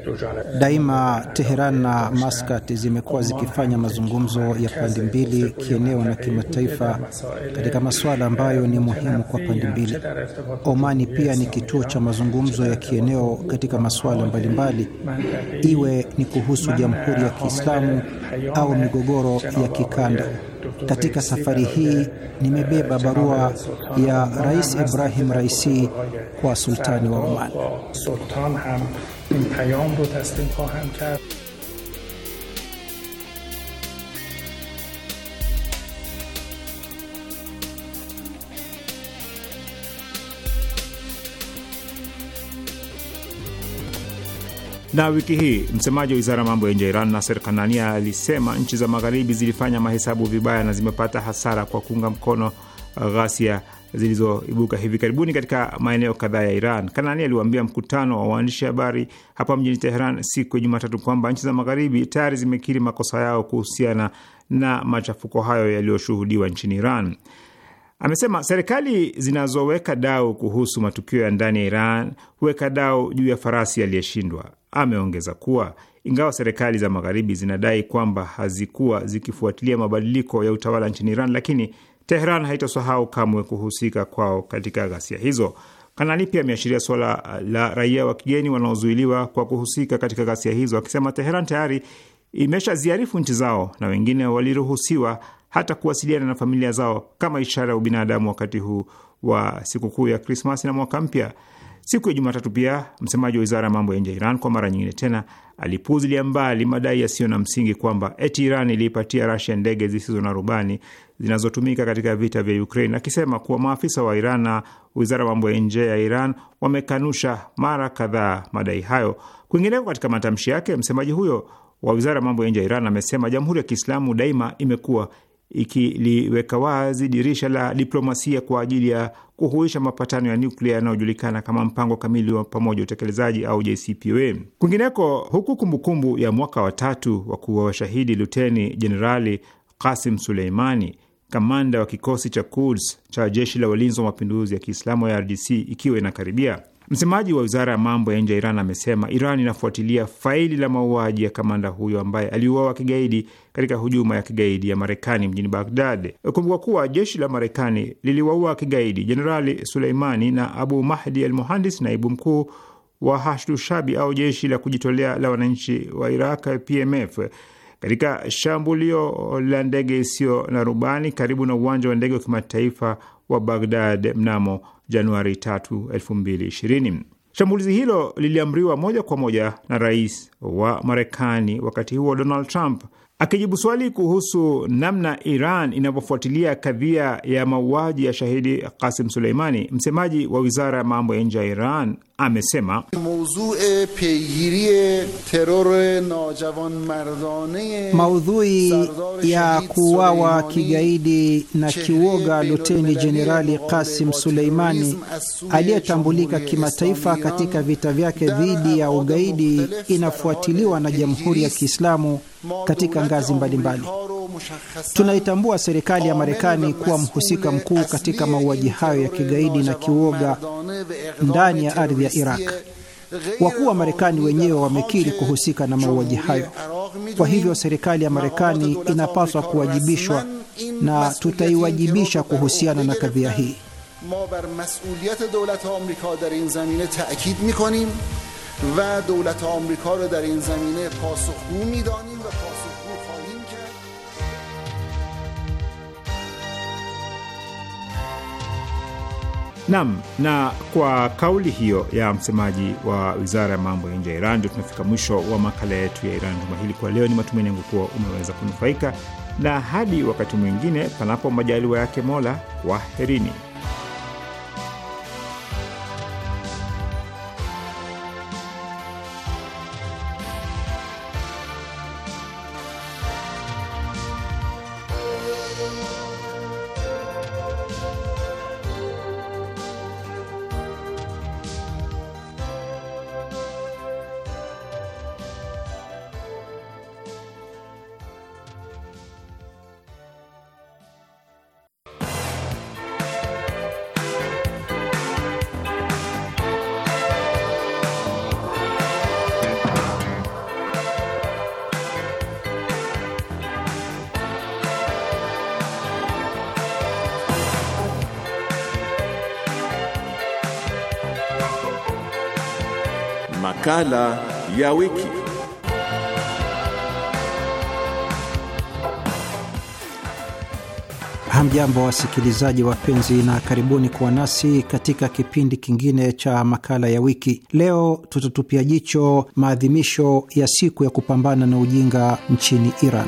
دو جانبه daima Teheran na Maskat zimekuwa zikifanya mazungumzo ya pande mbili kieneo na kimataifa katika masuala ambayo ni muhimu kwa pande mbili. Omani pia ni kituo cha mazungumzo ya kieneo katika masuala mbalimbali, iwe ni kuhusu Jamhuri ya Kiislamu au migogoro ya kikanda. Katika safari hii nimebeba barua ya Rais Ibrahim Raisi kwa sultani wa Oman. Na wiki hii msemaji wa wizara ya mambo ya nje ya Iran Naser Kanania alisema nchi za magharibi zilifanya mahesabu vibaya na zimepata hasara kwa kuunga mkono uh, ghasia zilizoibuka hivi karibuni katika maeneo kadhaa ya Iran. Kanani aliwaambia mkutano wa waandishi habari hapa mjini Teheran siku ya Jumatatu kwamba nchi za magharibi tayari zimekiri makosa yao kuhusiana na machafuko hayo yaliyoshuhudiwa nchini Iran. Amesema serikali zinazoweka dau kuhusu matukio ya ndani ya Iran huweka dau juu ya farasi aliyeshindwa. Ameongeza kuwa ingawa serikali za magharibi zinadai kwamba hazikuwa zikifuatilia mabadiliko ya utawala nchini Iran, lakini Tehran haitosahau kamwe kuhusika kwao katika ghasia hizo. Kanali pia ameashiria suala la raia wa kigeni wanaozuiliwa kwa kuhusika katika ghasia hizo, akisema Teheran tayari imeshaziarifu nchi zao na wengine waliruhusiwa hata kuwasiliana na familia zao kama ishara ya ubinadamu wakati huu wa sikukuu ya Krismasi na mwaka mpya. Siku ya Jumatatu pia msemaji wa wizara ya mambo ya nje ya Iran kwa mara nyingine tena alipuzilia mbali madai yasiyo na msingi kwamba eti Iran iliipatia Rasia ndege zisizo na rubani zinazotumika katika vita vya Ukraine, akisema kuwa maafisa wa Iran na wizara ya mambo ya nje ya Iran wamekanusha mara kadhaa madai hayo. Kwingineko katika matamshi yake, msemaji huyo wa wizara ya mambo ya nje ya Iran amesema jamhuri ya Kiislamu daima imekuwa ikiliweka wazi dirisha la diplomasia kwa ajili ya kuhuisha mapatano ya nyuklia yanayojulikana kama mpango kamili wa pamoja utekelezaji au JCPOA. Kwingineko, huku kumbukumbu kumbu ya mwaka wa tatu wa kuwa washahidi Luteni Jenerali Kasim Suleimani, kamanda wa kikosi cha Quds cha jeshi la walinzi wa mapinduzi ya Kiislamu ya RDC ikiwa inakaribia Msemaji wa wizara ya mambo ya nje ya Iran amesema Iran inafuatilia faili la mauaji ya kamanda huyo ambaye aliuawa kigaidi katika hujuma ya kigaidi ya Marekani mjini Baghdad. Kumbuka kuwa jeshi la Marekani liliwaua kigaidi Jenerali Suleimani na Abu Mahdi al Muhandis, naibu mkuu wa Hashdu Shabi au jeshi la kujitolea la wananchi wa Iraq, PMF, katika shambulio la ndege isiyo na rubani karibu na uwanja wa ndege wa kimataifa wa Baghdad mnamo Januari 3, 2020. Shambulizi hilo liliamriwa moja kwa moja na rais wa Marekani wakati huo Donald Trump Akijibu swali kuhusu namna Iran inavyofuatilia kadhia ya mauaji ya shahidi Kasim Suleimani, msemaji wa wizara ya mambo ya nje ya Iran amesema maudhui ya kuuawa kigaidi na kiwoga Luteni Jenerali Kasim Suleimani aliyetambulika kimataifa katika vita vyake dhidi ya ugaidi inafuatiliwa na Jamhuri ya Kiislamu katika ngazi mbalimbali. Tunaitambua serikali ya Marekani kuwa mhusika mkuu katika mauaji hayo ya kigaidi na kiuoga ndani ya ardhi ya Iraq. Wakuu wa Marekani wenyewe wamekiri kuhusika na mauaji hayo. Kwa hivyo serikali ya Marekani inapaswa kuwajibishwa na tutaiwajibisha kuhusiana na kadhia hii. و دولت آمریکا رو در این زمینه پاسخگو میدانیم و پاسخگو خواهیم کرد Nam, na kwa kauli hiyo ya msemaji wa wizara ya mambo ya nje ya Iran ndio tunafika mwisho wa makala yetu ya Iran juma hili. Kwa leo, ni matumaini yangu kuwa umeweza kunufaika, na hadi wakati mwingine, panapo majaliwa yake Mola, waherini. Makala ya wiki. Hamjambo wasikilizaji wapenzi, na karibuni kuwa nasi katika kipindi kingine cha makala ya wiki. Leo tutatupia jicho maadhimisho ya siku ya kupambana na ujinga nchini Iran.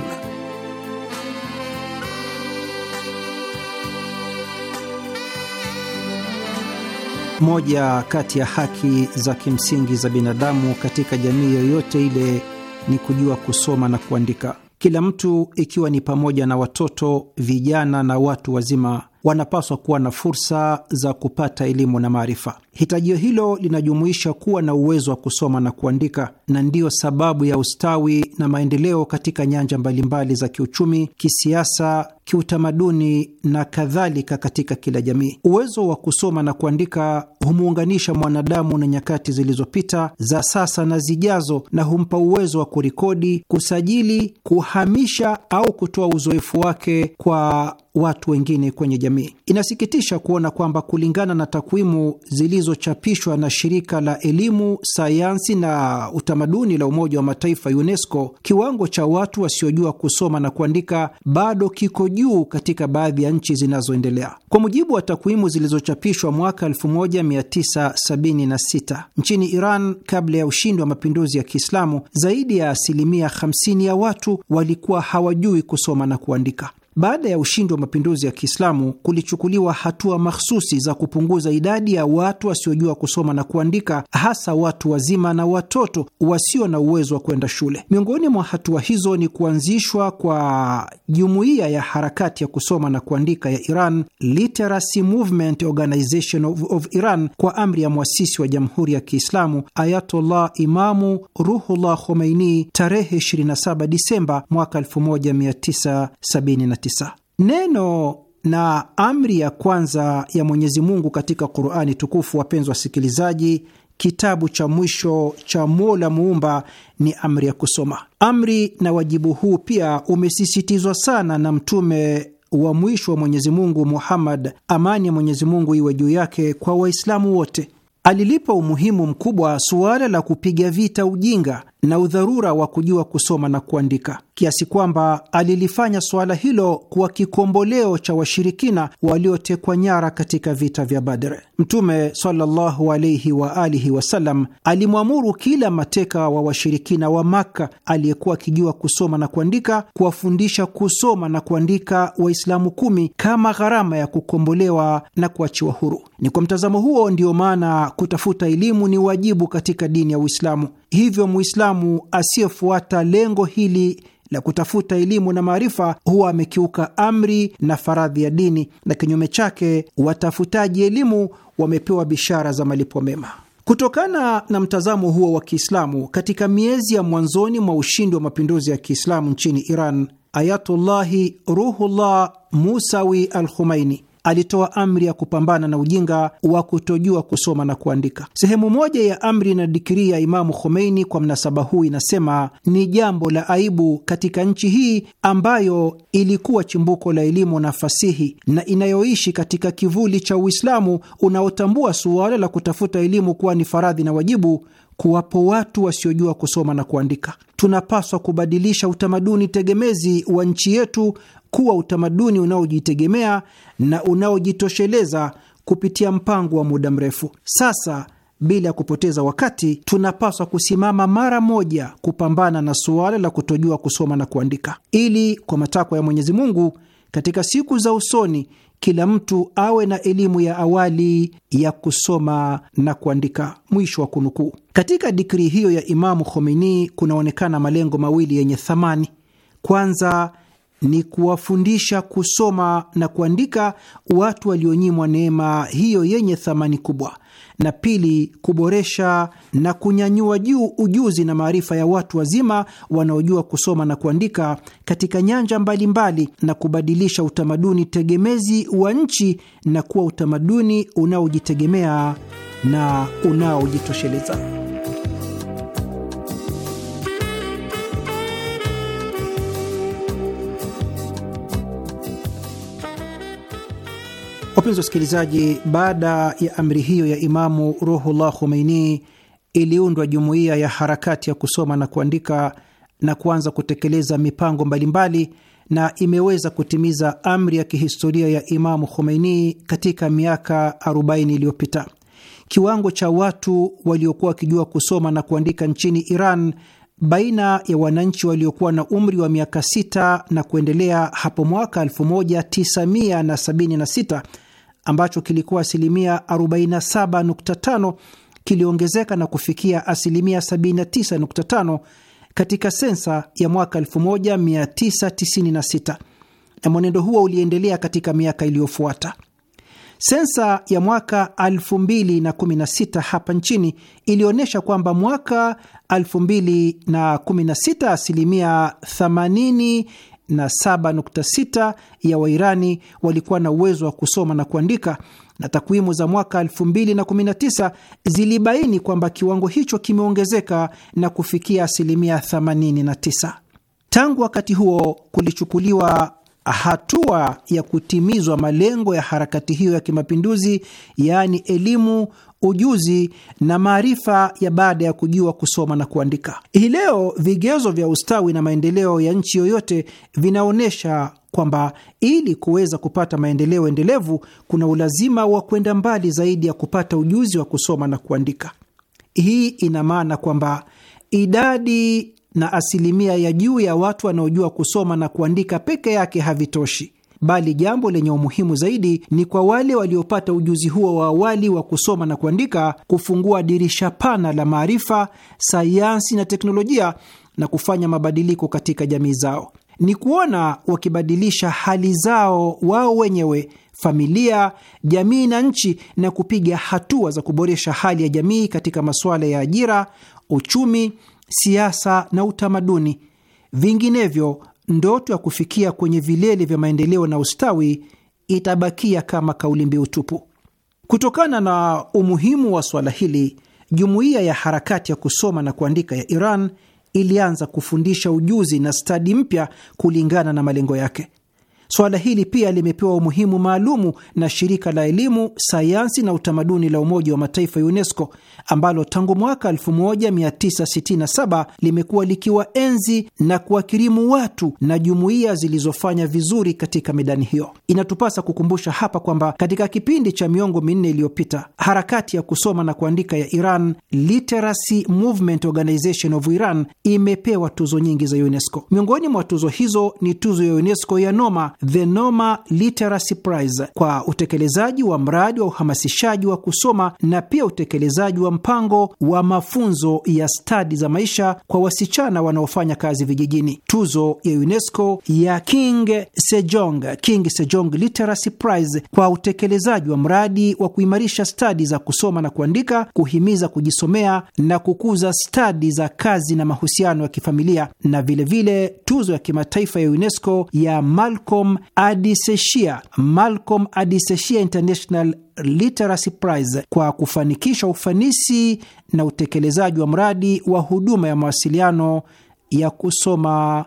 Moja kati ya haki za kimsingi za binadamu katika jamii yoyote ile ni kujua kusoma na kuandika. Kila mtu, ikiwa ni pamoja na watoto, vijana na watu wazima, wanapaswa kuwa na fursa za kupata elimu na maarifa. Hitajio hilo linajumuisha kuwa na uwezo wa kusoma na kuandika, na ndiyo sababu ya ustawi na maendeleo katika nyanja mbalimbali za kiuchumi, kisiasa, kiutamaduni na kadhalika katika kila jamii. Uwezo wa kusoma na kuandika humuunganisha mwanadamu na nyakati zilizopita, za sasa na zijazo, na humpa uwezo wa kurikodi, kusajili, kuhamisha au kutoa uzoefu wake kwa watu wengine kwenye jamii. Inasikitisha kuona kwamba kulingana na takwimu zilizochapishwa na shirika la elimu, sayansi na utamaduni la Umoja wa Mataifa, UNESCO, kiwango cha watu wasiojua kusoma na kuandika bado kiko juu katika baadhi ya nchi zinazoendelea. Kwa mujibu wa takwimu zilizochapishwa mwaka 1976 nchini Iran, kabla ya ushindi wa mapinduzi ya Kiislamu, zaidi ya asilimia 50 ya watu walikuwa hawajui kusoma na kuandika. Baada ya ushindi wa mapinduzi ya Kiislamu, kulichukuliwa hatua mahsusi za kupunguza idadi ya watu wasiojua kusoma na kuandika, hasa watu wazima na watoto wasio na uwezo wa kwenda shule. Miongoni mwa hatua hizo ni kuanzishwa kwa jumuiya ya harakati ya kusoma na kuandika ya Iran, Literacy Movement Organization of, of Iran, kwa amri ya mwasisi wa Jamhuri ya Kiislamu Ayatollah Imamu Ruhullah Khomeini tarehe 27 Disemba mwaka 1979. 29. Neno na amri ya kwanza ya Mwenyezi Mungu katika Qurani Tukufu, wapenzi wasikilizaji, kitabu cha mwisho cha Mola Muumba ni amri ya kusoma. Amri na wajibu huu pia umesisitizwa sana na mtume wa mwisho wa Mwenyezi Mungu Muhammad, amani ya Mwenyezi Mungu iwe juu yake, kwa Waislamu wote. Alilipa umuhimu mkubwa suala la kupiga vita ujinga na udharura wa kujua kusoma na kuandika kiasi kwamba alilifanya suala hilo kuwa kikomboleo cha washirikina waliotekwa nyara katika vita vya Badr. Mtume sallallahu wa alihi wasallam alimwamuru kila mateka wa washirikina wa Makka aliyekuwa akijua kusoma na kuandika kuwafundisha kusoma na kuandika Waislamu kumi kama gharama ya kukombolewa na kuachiwa huru. Ni kwa mtazamo huo ndiyo maana kutafuta elimu ni wajibu katika dini ya Uislamu. Hivyo Muislamu asiyefuata lengo hili la kutafuta elimu na maarifa huwa amekiuka amri na faradhi ya dini, na kinyume chake watafutaji elimu wamepewa bishara za malipo mema. Kutokana na mtazamo huo wa Kiislamu, katika miezi ya mwanzoni mwa ushindi wa mapinduzi ya Kiislamu nchini Iran, Ayatullahi Ruhullah Musawi al Khumaini alitoa amri ya kupambana na ujinga wa kutojua kusoma na kuandika. Sehemu moja ya amri na dikirii ya Imamu Khomeini kwa mnasaba huu inasema: ni jambo la aibu katika nchi hii ambayo ilikuwa chimbuko la elimu na fasihi na inayoishi katika kivuli cha Uislamu unaotambua suala la kutafuta elimu kuwa ni faradhi na wajibu kuwapo watu wasiojua kusoma na kuandika. Tunapaswa kubadilisha utamaduni tegemezi wa nchi yetu kuwa utamaduni unaojitegemea na unaojitosheleza kupitia mpango wa muda mrefu. Sasa bila ya kupoteza wakati, tunapaswa kusimama mara moja kupambana na suala la kutojua kusoma na kuandika, ili kwa matakwa ya Mwenyezi Mungu, katika siku za usoni kila mtu awe na elimu ya awali ya kusoma na kuandika. Mwisho wa kunukuu. Katika dikrii hiyo ya Imamu Khomeini kunaonekana malengo mawili yenye thamani. Kwanza ni kuwafundisha kusoma na kuandika watu walionyimwa neema hiyo yenye thamani kubwa, na pili, kuboresha na kunyanyua juu ujuzi na maarifa ya watu wazima wanaojua kusoma na kuandika katika nyanja mbalimbali mbali, na kubadilisha utamaduni tegemezi wa nchi na kuwa utamaduni unaojitegemea na unaojitosheleza. Wapenzi wasikilizaji, baada ya amri hiyo ya Imamu Ruhullah Khomeini iliundwa jumuiya ya harakati ya kusoma na kuandika na kuanza kutekeleza mipango mbalimbali na imeweza kutimiza amri ya kihistoria ya Imamu Khomeini katika miaka 40 iliyopita. Kiwango cha watu waliokuwa wakijua kusoma na kuandika nchini Iran baina ya wananchi waliokuwa na umri wa miaka 6 na kuendelea hapo mwaka 1976 ambacho kilikuwa asilimia 47.5 kiliongezeka na kufikia asilimia 79.5 katika sensa ya mwaka 1996 na mwenendo huo uliendelea katika miaka iliyofuata. Sensa ya mwaka 2016 hapa nchini ilionyesha kwamba mwaka 2016 asilimia 76 ya Wairani walikuwa na uwezo wa kusoma na kuandika, na takwimu za mwaka 2019 zilibaini kwamba kiwango hicho kimeongezeka na kufikia asilimia 89. Tangu wakati huo kulichukuliwa hatua ya kutimizwa malengo ya harakati hiyo ya kimapinduzi, yaani elimu, ujuzi na maarifa ya baada ya kujua kusoma na kuandika. Hii leo vigezo vya ustawi na maendeleo ya nchi yoyote vinaonyesha kwamba ili kuweza kupata maendeleo endelevu kuna ulazima wa kwenda mbali zaidi ya kupata ujuzi wa kusoma na kuandika. Hii ina maana kwamba idadi na asilimia ya juu ya watu wanaojua kusoma na kuandika peke yake havitoshi bali jambo lenye umuhimu zaidi ni kwa wale waliopata ujuzi huo wa awali wa kusoma na kuandika, kufungua dirisha pana la maarifa, sayansi na teknolojia na kufanya mabadiliko katika jamii zao. Ni kuona wakibadilisha hali zao wao wenyewe, familia, jamii na nchi, na kupiga hatua za kuboresha hali ya jamii katika masuala ya ajira, uchumi, siasa na utamaduni. Vinginevyo ndoto ya kufikia kwenye vilele vya maendeleo na ustawi itabakia kama kauli mbiu tupu. Kutokana na umuhimu wa swala hili, jumuiya ya harakati ya kusoma na kuandika ya Iran ilianza kufundisha ujuzi na stadi mpya kulingana na malengo yake. Suala hili pia limepewa umuhimu maalumu na shirika la elimu, sayansi na utamaduni la Umoja wa Mataifa, UNESCO, ambalo tangu mwaka 1967 limekuwa likiwa enzi na kuwakirimu watu na jumuiya zilizofanya vizuri katika medani hiyo. Inatupasa kukumbusha hapa kwamba katika kipindi cha miongo minne iliyopita, harakati ya kusoma na kuandika ya Iran, Literacy Movement Organization of Iran, imepewa tuzo nyingi za UNESCO. Miongoni mwa tuzo hizo ni tuzo ya UNESCO ya Noma The Noma Literacy Prize kwa utekelezaji wa mradi wa uhamasishaji wa kusoma na pia utekelezaji wa mpango wa mafunzo ya stadi za maisha kwa wasichana wanaofanya kazi vijijini. Tuzo ya UNESCO ya King Sejong, King Sejong Literacy Prize kwa utekelezaji wa mradi wa kuimarisha stadi za kusoma na kuandika, kuhimiza kujisomea na kukuza stadi za kazi na mahusiano ya kifamilia, na vilevile vile, tuzo ya kimataifa ya UNESCO ya Malcolm Malcolm Adiseshia, Malcolm Adiseshia International Literacy Prize kwa kufanikisha ufanisi na utekelezaji wa mradi wa huduma ya mawasiliano ya kusoma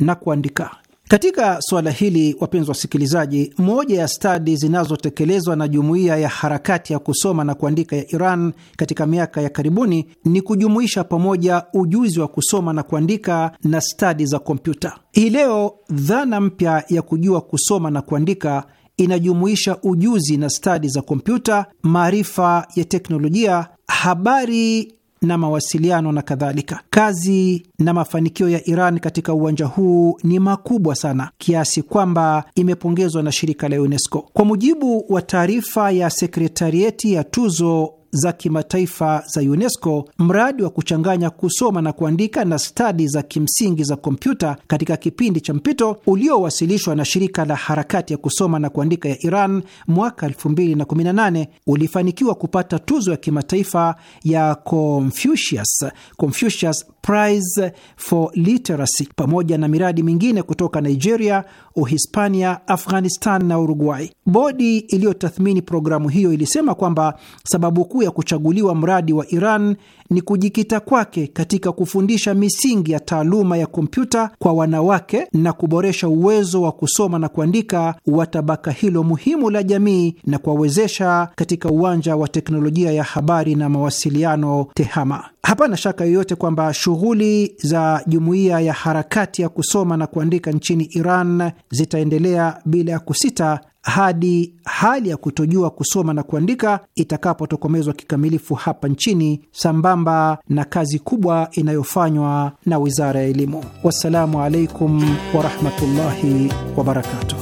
na kuandika. Katika suala hili, wapenzi wasikilizaji, moja ya stadi zinazotekelezwa na jumuiya ya harakati ya kusoma na kuandika ya Iran katika miaka ya karibuni ni kujumuisha pamoja ujuzi wa kusoma na kuandika na stadi za kompyuta. Hii leo dhana mpya ya kujua kusoma na kuandika inajumuisha ujuzi na stadi za kompyuta, maarifa ya teknolojia, habari na mawasiliano na kadhalika. Kazi na mafanikio ya Iran katika uwanja huu ni makubwa sana kiasi kwamba imepongezwa na shirika la UNESCO. Kwa mujibu wa taarifa ya sekretarieti ya tuzo za kimataifa za UNESCO mradi wa kuchanganya kusoma na kuandika na stadi za kimsingi za kompyuta katika kipindi cha mpito uliowasilishwa na shirika la harakati ya kusoma na kuandika ya Iran mwaka 2018 ulifanikiwa kupata tuzo ya kimataifa ya Confucius, Confucius Prize for Literacy pamoja na miradi mingine kutoka Nigeria, Uhispania, Afghanistan na Uruguay. Bodi iliyotathmini programu hiyo ilisema kwamba sababu kuu ya kuchaguliwa mradi wa Iran ni kujikita kwake katika kufundisha misingi ya taaluma ya kompyuta kwa wanawake na kuboresha uwezo wa kusoma na kuandika wa tabaka hilo muhimu la jamii na kuwawezesha katika uwanja wa teknolojia ya habari na mawasiliano TEHAMA. Hapana shaka yoyote kwamba shughuli za jumuiya ya harakati ya kusoma na kuandika nchini Iran zitaendelea bila ya kusita hadi hali ya kutojua kusoma na kuandika itakapotokomezwa kikamilifu hapa nchini sambamba na kazi kubwa inayofanywa na Wizara ya Elimu. Wassalamu alaikum warahmatullahi wabarakatuh.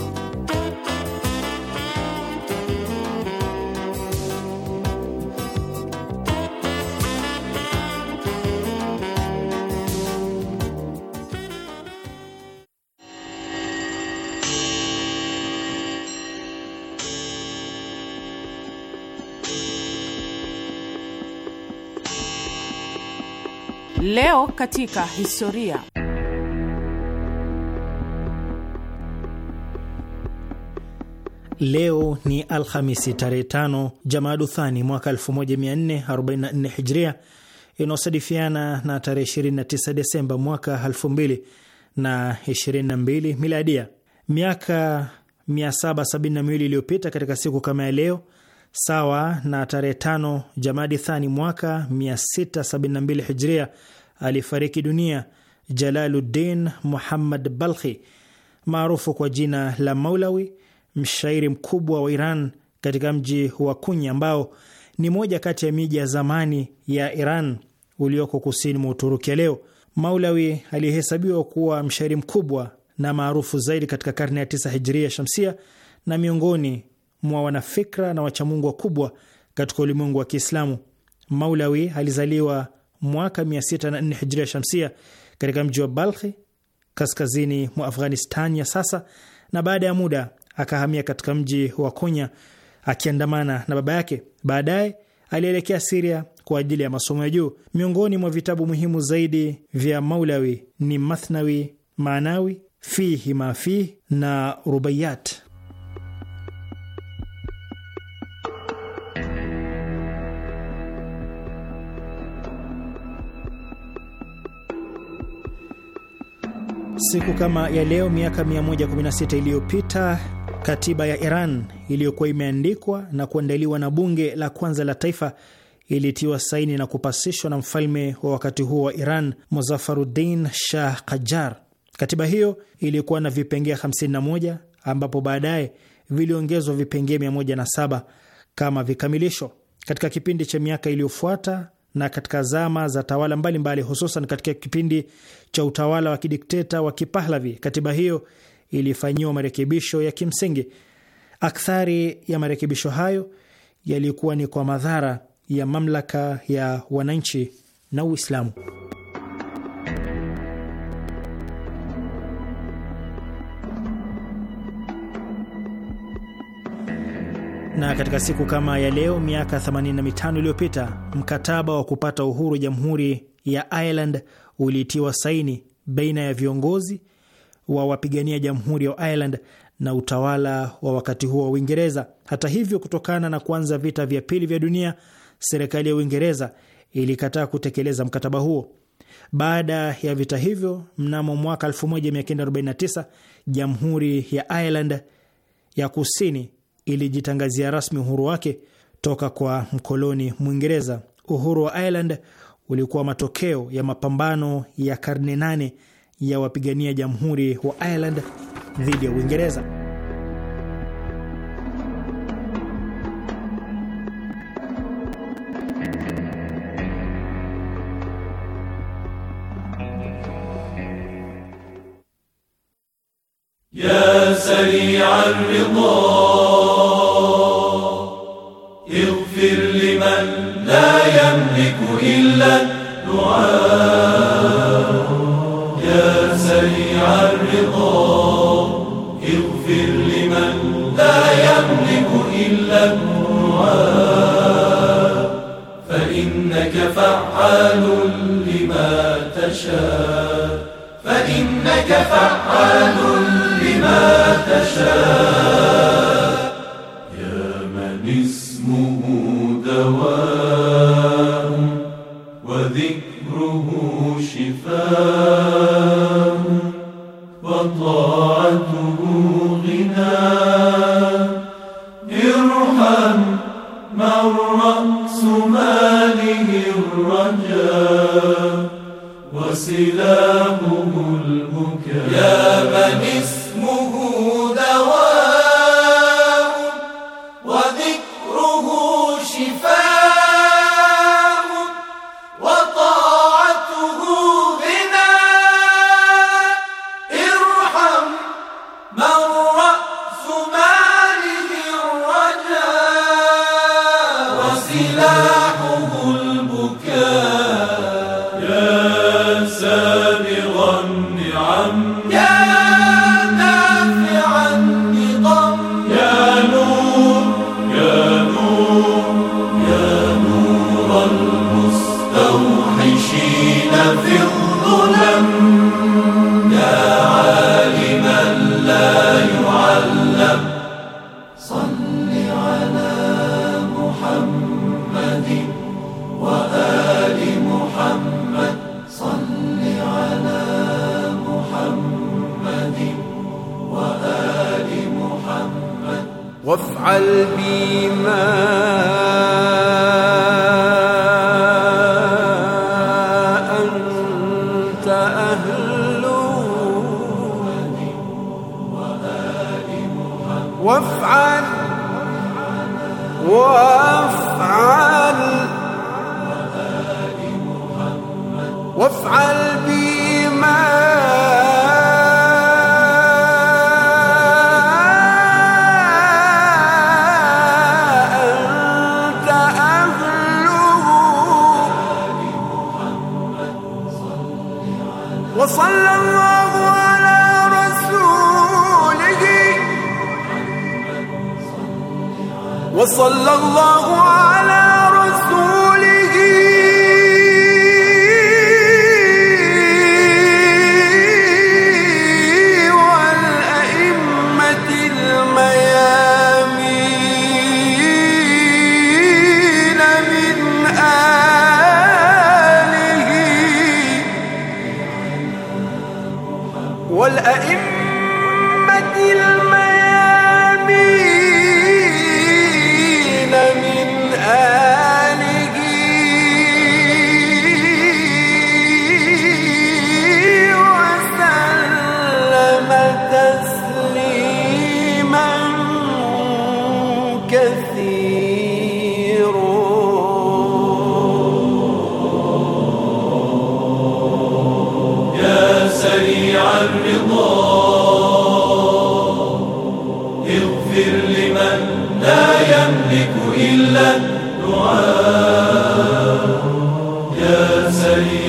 Leo katika historia. Leo ni Alhamisi tarehe Jamadu Jamaaduthani mwaka 1444 Hijria, inayosadifiana na tarehe 29 Desemba mwaka 2022 Miladia. Miaka 772 iliyopita katika siku kama ya leo sawa na tarehe tano Jamadi Thani mwaka 672 Hijria, alifariki dunia Jalaluddin Muhammad Balkhi maarufu kwa jina la Maulawi, mshairi mkubwa wa Iran katika mji wa Kunya ambao ni moja kati ya miji ya zamani ya Iran ulioko kusini mwa Uturuki ya leo. Maulawi alihesabiwa kuwa mshairi mkubwa na maarufu zaidi katika karne ya tisa Hijria Shamsia na miongoni mwa wanafikra na wachamungu wakubwa katika ulimwengu wa Kiislamu. Maulawi alizaliwa mwaka 604 hijria shamsia katika mji wa Balkhi kaskazini mwa Afghanistan ya sasa, na baada ya muda akahamia katika mji wa Konya akiandamana na baba yake. Baadaye alielekea Siria kwa ajili ya masomo ya juu. Miongoni mwa vitabu muhimu zaidi vya Maulawi ni Mathnawi Maanawi, Fihi Mafihi na Rubaiyat. Siku kama ya leo miaka 116 iliyopita katiba ya Iran iliyokuwa imeandikwa na kuandaliwa na bunge la kwanza la taifa ilitiwa saini na kupasishwa na mfalme wa wakati huo wa Iran, muzafarudin Shah Qajar. Katiba hiyo ilikuwa na vipengee 51 ambapo baadaye viliongezwa vipengee 107 kama vikamilisho. Katika kipindi cha miaka iliyofuata na katika zama za tawala mbalimbali, hususan katika kipindi cha utawala wa kidikteta wa Kipahlavi. Katiba hiyo ilifanyiwa marekebisho ya kimsingi. Akthari ya marekebisho hayo yalikuwa ni kwa madhara ya mamlaka ya wananchi na Uislamu. Na katika siku kama ya leo miaka 85 iliyopita mkataba wa kupata uhuru jamhuri ya Ireland uliitiwa saini baina ya viongozi wa wapigania jamhuri ya Ireland na utawala wa wakati huo wa Uingereza. Hata hivyo, kutokana na kuanza vita vya pili vya dunia, serikali ya Uingereza ilikataa kutekeleza mkataba huo. Baada ya vita hivyo, mnamo mwaka 1949 jamhuri ya Ireland ya kusini ilijitangazia rasmi uhuru wake toka kwa mkoloni Mwingereza. Uhuru wa Ireland ulikuwa matokeo ya mapambano ya karne nane ya wapigania jamhuri wa Ireland dhidi ya Uingereza. يا سريع الرضا اغفر لمن لا يملك إلا الدعاء يا سريع الرضا اغفر لمن لا يملك إلا الدعاء فإنك فعال لما تشاء فإنك فعال ما تشاء يا من اسمه دواء وذكره شفاء وطاعته غنى ارحم من رأس ماله الرجاء وسلاحه البكاء ما أنت أهله وافعل وافعل وافعل sallallahu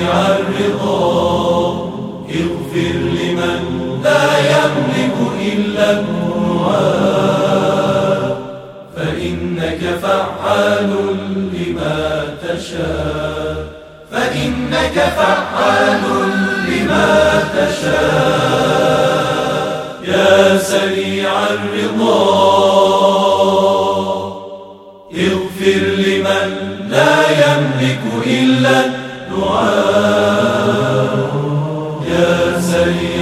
وسيع الرضا اغفر لمن لا يملك إلا النوى فإنك فعال لما تشاء فإنك فعال لما تشاء يا سريع الرضا اغفر لمن لا يملك إلا الدعاء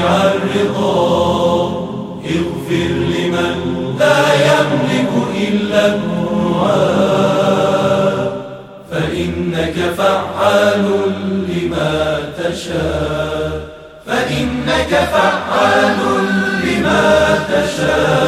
الرضا اغفر لمن لا يملك إلا فإنك فعال لما تشاء فإنك فعال لما تشاء